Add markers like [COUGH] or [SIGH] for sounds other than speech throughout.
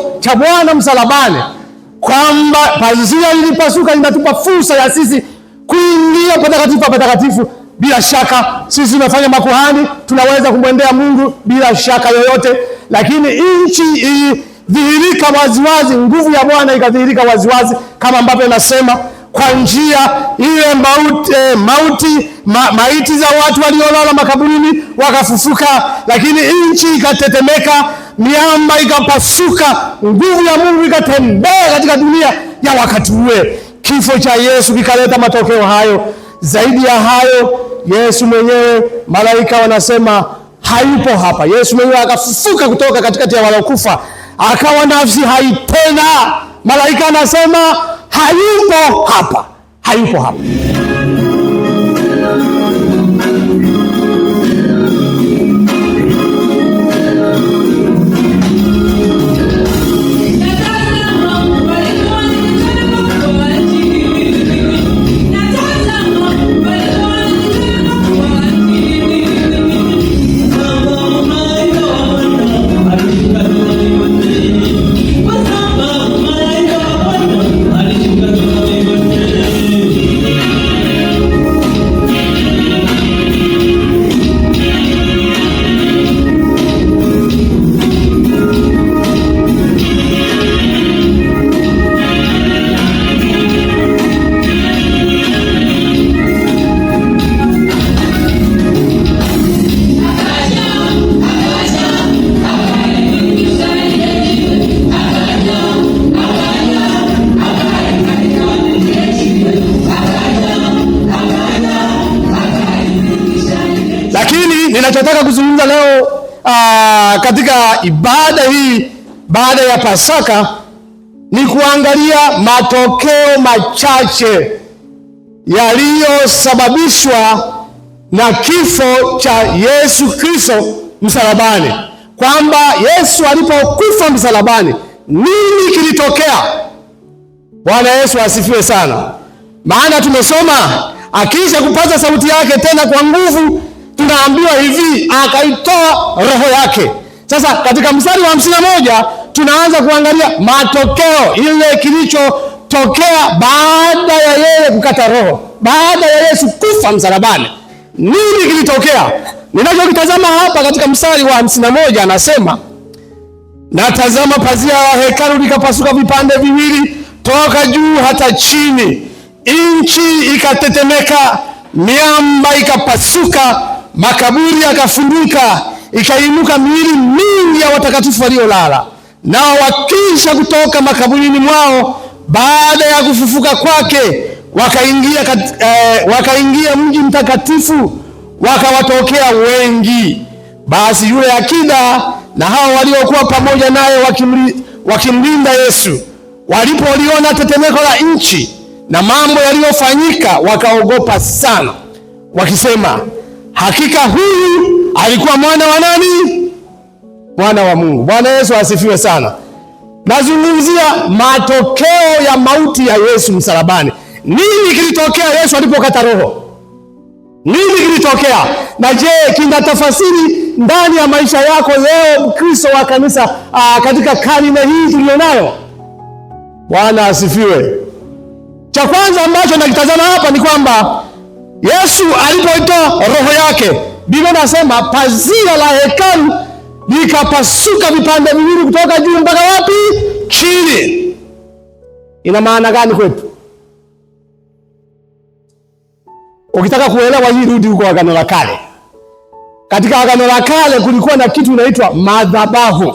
kifo cha Bwana msalabani, kwamba pazia lilipasuka linatupa fursa ya sisi kuingia patakatifu pa patakatifu. Bila shaka sisi tunafanya makuhani, tunaweza kumwendea Mungu bila shaka yoyote, lakini nchi ilidhihirika waziwazi, nguvu ya Bwana ikadhihirika waziwazi, kama ambavyo nasema kwa njia ile mauti, eh, mauti ma, maiti za watu waliolala makaburini wakafufuka, lakini nchi ikatetemeka miamba ikapasuka, nguvu ya Mungu ikatembea katika dunia ya wakati ule. Kifo cha Yesu kikaleta matokeo hayo. Zaidi ya hayo, Yesu mwenyewe, malaika wanasema hayupo hapa. Yesu mwenyewe akafufuka kutoka katikati ya waliokufa, akawa nafsi hai tena. Malaika anasema hayupo hapa, hayupo hapa. Ninachotaka kuzungumza leo aa, ah, katika ibada hii baada ya Pasaka ni kuangalia matokeo machache yaliyosababishwa na kifo cha Yesu Kristo msalabani, kwamba Yesu alipokufa msalabani nini kilitokea? Bwana Yesu asifiwe sana. Maana tumesoma akisha kupaza sauti yake tena kwa nguvu tunaambiwa hivi, akaitoa roho yake. Sasa katika mstari wa hamsini na moja tunaanza kuangalia matokeo, ile kilichotokea baada ya yeye kukata roho, baada ya Yesu kufa msalabani, nini kilitokea? Ninachokitazama hapa katika mstari wa hamsini na moja anasema natazama, pazia la hekalu likapasuka vipande viwili toka juu hata chini, nchi ikatetemeka, miamba ikapasuka makaburi yakafunguka, ikainuka miili mingi ya watakatifu waliolala. Nao wakisha kutoka makaburini mwao baada ya kufufuka kwake, wakaingia eh, wakaingia mji mtakatifu, wakawatokea wengi. Basi yule akida na hao waliokuwa pamoja naye wakimlinda Yesu walipoliona tetemeko la nchi na mambo yaliyofanyika, wakaogopa sana, wakisema Hakika huyu alikuwa mwana wa nani? Mwana wa Mungu. Bwana Yesu asifiwe sana. Nazungumzia matokeo ya mauti ya Yesu msalabani. Nini kilitokea Yesu alipokata roho? Nini kilitokea? Na je, kinatafasiri ndani ya maisha yako leo, Mkristo wa kanisa aa, ah, katika karne hii tulionayo? Bwana asifiwe. Cha kwanza ambacho nakitazama hapa ni kwamba Yesu alipoitoa roho yake, Biblia nasema pazia la hekalu likapasuka vipande viwili kutoka juu mpaka wapi? Chini. Ina maana gani kwetu? Ukitaka kuelewa hii, rudi huko Agano la Kale. Katika Agano la Kale kulikuwa na kitu inaitwa madhabahu.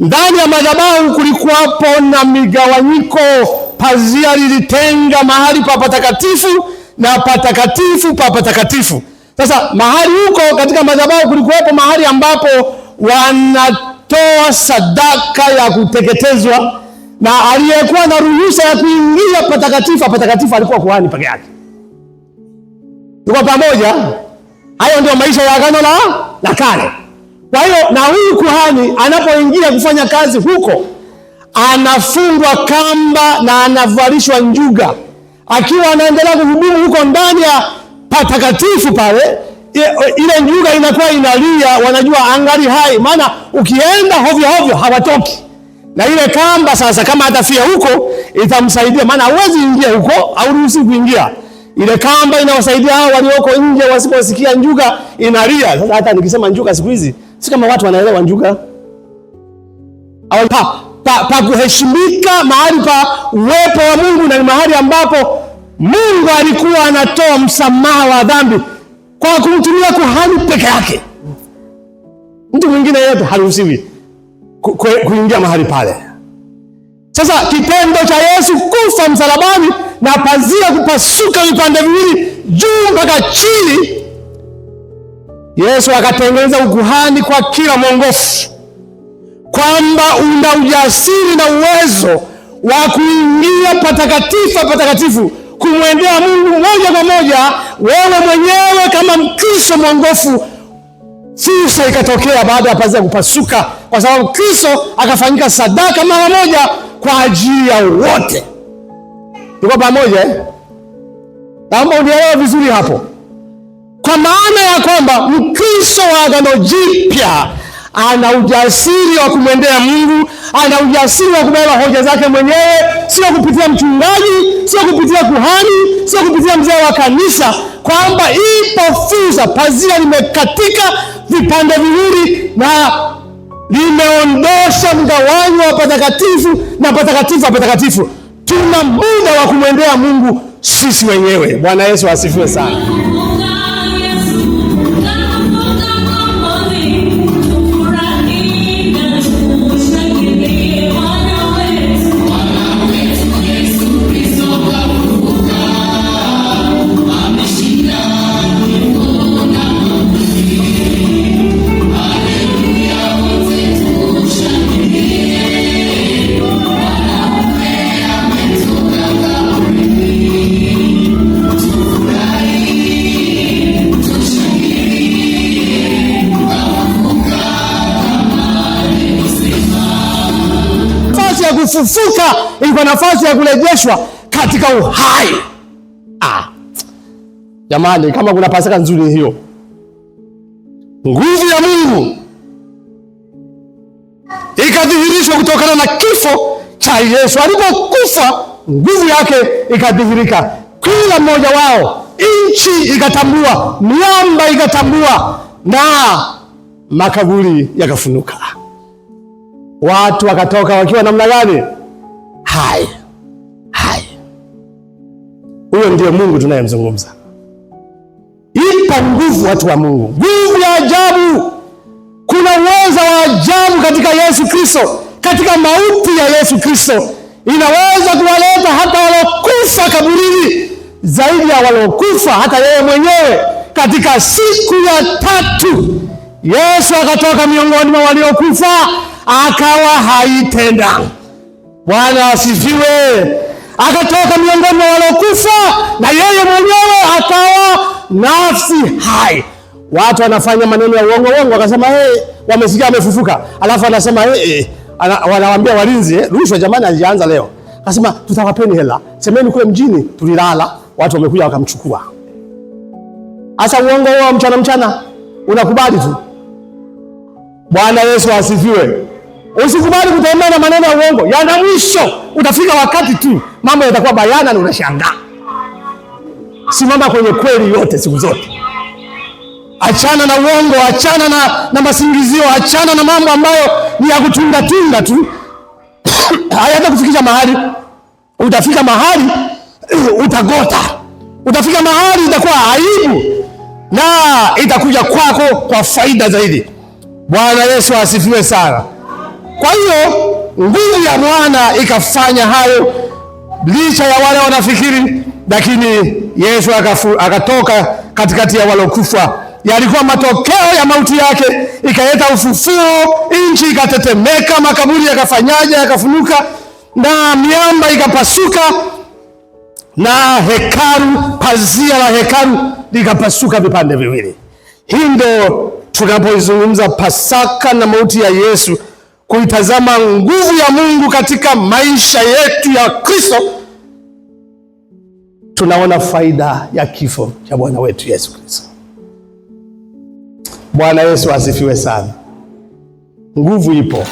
Ndani ya madhabahu kulikuwapo na migawanyiko, pazia lilitenga mahali pa patakatifu na patakatifu pa patakatifu. Sasa mahali huko katika madhabahu kulikuwepo mahali ambapo wanatoa sadaka ya kuteketezwa, na aliyekuwa na ruhusa ya kuingia patakatifu patakatifu alikuwa kuhani peke yake. Tuko pamoja? Hayo ndio maisha ya agano la la kale. Kwa hiyo na huyu kuhani anapoingia kufanya kazi huko, anafungwa kamba na anavalishwa njuga akiwa anaendelea kuhudumu huko ndani ya patakatifu pale, ile njuga inakuwa inalia, wanajua angali hai, maana ukienda hovyo hovyo hawatoki na ile kamba sasa, kama atafia huko itamsaidia, maana hawezi ingia huko, hauruhusi kuingia. Ile kamba inawasaidia hao walioko nje wasiposikia njuga inalia. Sasa hata nikisema njuga siku hizi si kama watu wanaelewa njuga pa, pa kuheshimika, mahali pa uwepo wa Mungu, na ni mahali ambapo Mungu alikuwa anatoa msamaha wa dhambi kwa kumtumia kuhani peke yake. Mtu mwingine yeyote haruhusiwi kuingia mahali pale. Sasa kitendo cha Yesu kufa msalabani na pazia kupasuka vipande viwili juu mpaka chini, Yesu akatengeneza ukuhani kwa kila mwongofu kwamba una ujasiri na uwezo wa kuingia patakatifu patakatifu kumwendea Mungu moja kwa moja, wewe mwenyewe kama Mkristo mwongofu. Fursa ikatokea baada ya pazia kupasuka, kwa sababu Kristo akafanyika sadaka mara moja kwa ajili ya wote. Tuko pamoja eh? Naomba unielewe vizuri hapo, kwa maana ya kwamba Mkristo wa Agano Jipya ana ujasiri wa kumwendea Mungu, ana ujasiri wa kubeba hoja zake mwenyewe, sio kupitia mchungaji, sio kupitia kuhani, sio kupitia mzee wa kanisa, kwamba ipo fursa, pazia limekatika vipande viwili na limeondosha mgawanyo wa patakatifu na patakatifu wa patakatifu. Tuna muda wa kumwendea Mungu sisi wenyewe. Bwana Yesu asifiwe sana. Kuanguka ilikuwa nafasi ya kurejeshwa katika uhai. Ah, jamani, kama kuna Pasaka nzuri hiyo, nguvu ya Mungu ikadhihirishwa kutokana na kifo cha Yesu. Alipokufa, nguvu yake ikadhihirika, kila mmoja wao nchi ikatambua, miamba ikatambua, na makaburi yakafunuka. Watu wakatoka wakiwa namna gani? hai hai. Huyo ndiyo Mungu tunayemzungumza. Ipa nguvu watu wa Mungu, nguvu ya ajabu. Kuna uwezo wa ajabu katika Yesu Kristo, katika mauti ya Yesu Kristo inaweza kuwaleta hata walokufa kaburini, zaidi ya walokufa hata yeye mwenyewe. Katika siku ya tatu Yesu akatoka miongoni mwa waliokufa, akawa hai tena. Bwana asifiwe. Akatoka miongoni mwa waliokufa na yeye mwenyewe akawa nafsi hai. Watu wanafanya maneno ya uongo uongo, wakasema hey, eh, wamesikia amefufuka, alafu anasema hey, eh, eh, hey. Ana, wanawambia walinzi eh, rushwa jamani, alianza leo. Akasema tutawapeni hela, semeni kule mjini tulilala, watu wamekuja wakamchukua. hasa uongo huo mchana mchana unakubali tu. Bwana Yesu asifiwe. Usikubali kutembea na maneno ya uongo, yana mwisho. Utafika wakati tu mambo yatakuwa bayana na unashangaa. Simama kwenye kweli yote siku zote, achana na uongo, achana na, na masingizio, achana na mambo ambayo ni ya kutungatunga tu [COUGHS] hayata kufikisha mahali. Utafika mahali [COUGHS] utagota, utafika mahali itakuwa aibu na itakuja kwako kwa faida zaidi. Bwana Yesu asifiwe sana. Kwa hiyo nguvu ya mwana ikafanya hayo, licha ya wale wanafikiri, lakini Yesu akatoka katikati ya walokufa. Yalikuwa matokeo ya mauti yake, ikaleta ufufuo. Nchi ikatetemeka, makaburi yakafanyaje? Yakafunuka na miamba ikapasuka na hekalu, pazia la hekalu likapasuka vipande viwili. Hii ndio tunapoizungumza Pasaka na mauti ya Yesu kuitazama nguvu ya Mungu katika maisha yetu ya Kristo, tunaona faida ya kifo cha Bwana wetu Yesu Kristo. Bwana Yesu asifiwe sana. Nguvu ipo.